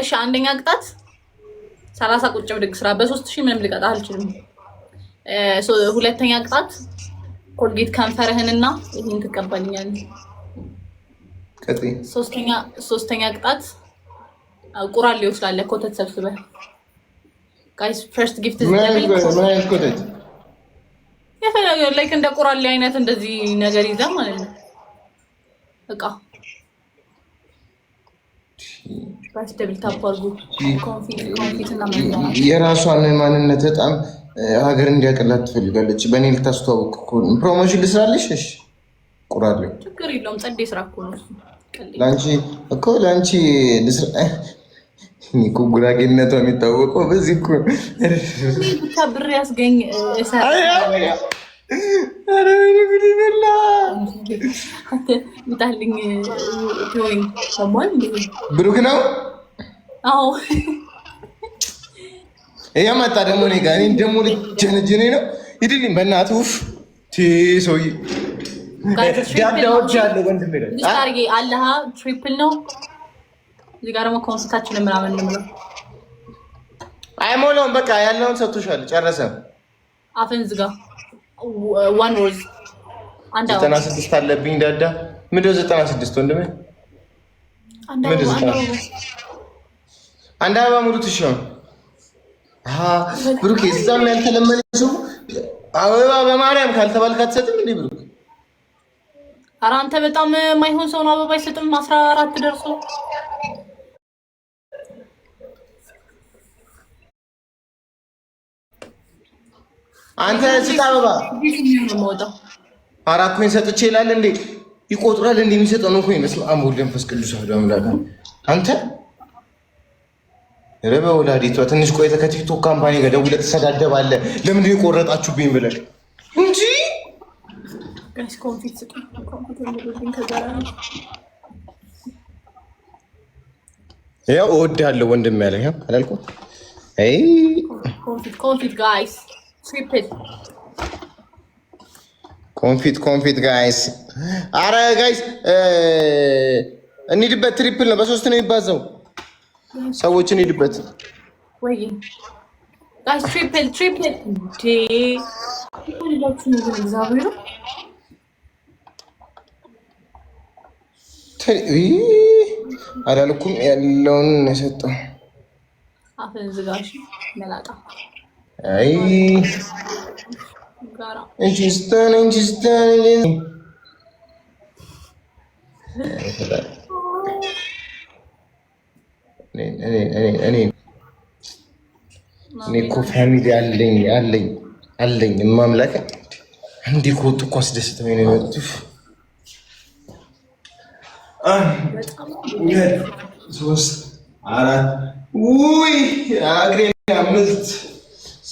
እሺ አንደኛ ቅጣት ሰላሳ ቁጭ ብድግ ስራ በሶስት ሺህ ምንም ልቀጣ አልችልም። ሁለተኛ ቅጣት ኮልጌት ከንፈርህንና ይህን ትቀበልኛለህ። ሶስተኛ ቅጣት ቁራሌ ስላለህ ኮተት ሰብስበህ ጋይስ ፈርስት ጊፍት ላይክ እንደ ቁራሌ አይነት እንደዚህ ነገር ይዘህ ማለት ነው እቃ የራሷን ማንነት በጣም ሀገር እንዲያቀላት ትፈልጋለች። በእኔ ልታስተዋውቅ ፕሮሞሽን ልስራለሽ። እሺ ቁራለ ችግር የለውም። ጸዴ ስራ እኮ ነው ለአንቺ እኮ ለአንቺ እኮ ጉራጌነቷ የሚታወቀው በዚህ እኮ ብቻ ብር ያስገኝ ሰራ ምጣልኝ ብሩክ ነው። አዎ መጣ ደግሞ እኔ ጋር ደግሞ ነው። ሂድልኝ በእናትህ ውፍ ሰውዬ ትሪፕል ነው። እዚህ ጋር ደግሞ ምናምን አይሞላውም። በቃ ያለውን ሰጥቶሻል። ጨረሰ። አፍን ዝጋ። ዋን ወርዝ ዘጠና ስድስት አለብኝ ዳዳ ምንድን ነው ዘጠና ስድስት ወንድሜ ምንድን ዘጠና ስድስት አንድ አበባ ሙሉ ትሽ ነው ብሩኬ እዛም ያልተለመደ አበባ በማርያም ካልተባልክ አትሰጥም እንዴ ብሩክ ኧረ አንተ በጣም የማይሆን ሰው ነው አበባ አይሰጥም አስራ አራት ደርሶ አንተ ስጥ አበባ አራት ኮይን ሰጥቼ ይላል እንዴ? ይቆጥራል እንዴ? የሚሰጠው ነው ኮይን በስመ አም ወወልድ ወመንፈስ ቅዱስ አሐዱ አምላክ። አንተ ረበ ወላዲቷ ትንሽ ቆይተህ ከቲክቶክ ካምፓኒ ጋር ደውለህ ትሰዳደባለህ። ለምንድን ነው የቆረጣችሁብኝ ብለህ እንጂ ያው እወድሃለሁ ወንድም ያለ አላልኩም። አይ ኮንፊት ጋይስ ትሪፕል ኮንፊት ኮንፊት ጋይስ፣ አረ ጋይስ እንሂድበት። ትሪፕል ነው፣ በሶስት ነው የሚባዛው። ሰዎች እንሂድበት። አላልኩም ያለውን የሰጠው አፍን ዝጋሽ መላጣ చూస్తాను చూస్తాను እኔ እኮ ፋሚሊ አለኝ አለኝ አለኝ ማምላክ እንዲ ከወጡ እኮ አስደስተው ነው የመጡት። ሶስት አራት ውይ አግሬ ምልት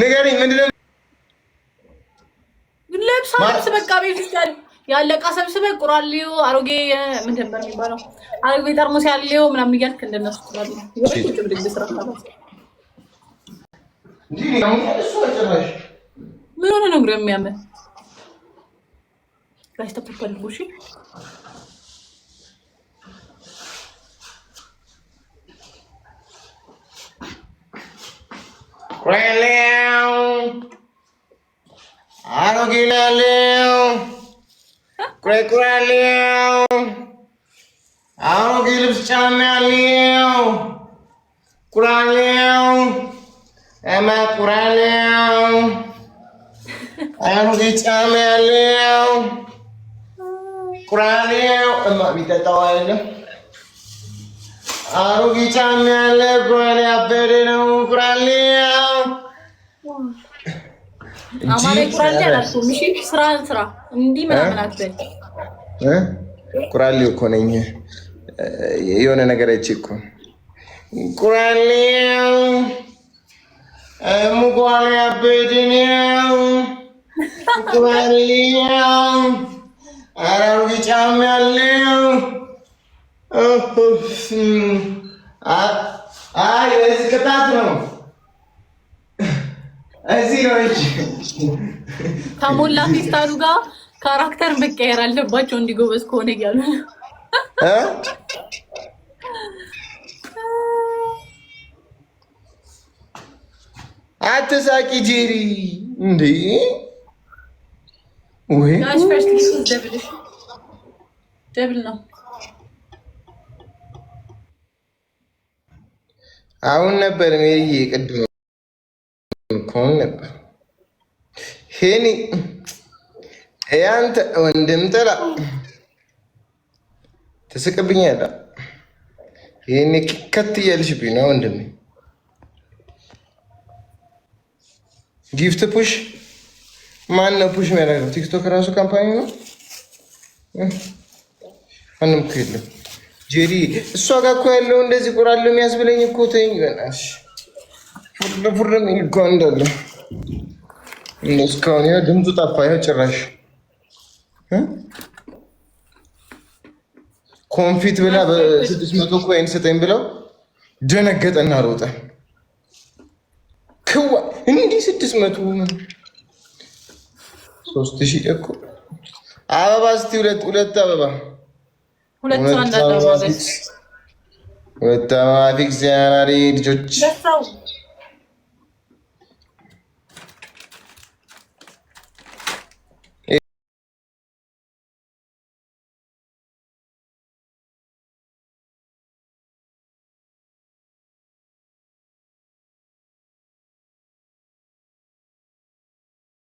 ንገሪኝ፣ ምንድን ነው ለብሳ ልብስ በቃ ቤት ውስጥ ያለቃ ሰብስበህ ቁራሌው አሮጌ ምን ነበር የሚባለው አሮጌ ጠርሙስ ያለው ምናምን እያልክ እንደነሱ ምን ሆነ ነው የሚያምር แล้วอาโลกินแล้วเกรกแล้วอาโลกิลิปชานาแล้วกราแล้วเอ็มากราแล้วอาโลกิชานาแล้วกราแล้วเอ็มมีแต่ตัวเอง Arugicciami alle guerre a vedere un crallia አማላይ ቁራሌ አላልኩም። እሺ ስራ ስራ እንዲህ እኮ ነኝ። የሆነ ነገር አይቼ እኮ ቁራሌው ሙጓሪ አበድኔው ቁራሌው አራሩ ጫም ያለው አይ፣ ቅጣት ነው እዚህ ነው እንጂ ከሞላ ፌስታሉ ጋር ካራክተር መቀየር አለባቸው እንዲጎበዝ ከሆነ እያሉ አትሳቂ ጄሪ። እንዴ ወይ ደብል ነው። አሁን ነበር ሜሪዬ ቅድም እኮን ነበር። ሄኒ ያንተ ወንድም ጥላ ትስቅብኛለህ። ሄኒ ከት እያልሽብኝ ነው ወንድሜ። ጊፍት ፑሽ ማን ነው ፑሽ የሚያደርገው? ቲክቶክ ራሱ ካምፓኒ ነው። ማንም እኮ የለም። ጄሪ እሷ ጋር እኮ ያለው እንደዚህ ቁራለው የሚያስብለኝ እኮ ተይኝ በናትሽ። ፉርድ ፉርድ እንዳለ እስካሁን ያ ድምፁ ጠፋ። ያ ጭራሽ ኮንፊት ብላ በስድስት መቶ ኮይን ስጠኝ ብለው ደነገጠና ሮጠ። ክዋ እንዲህ ስድስት መቶ ሶስት ሺህ እኮ አበባ እስኪ ሁለት ሁለት አበባ ሁለት አበባ ፊክስ ያናሪ ልጆች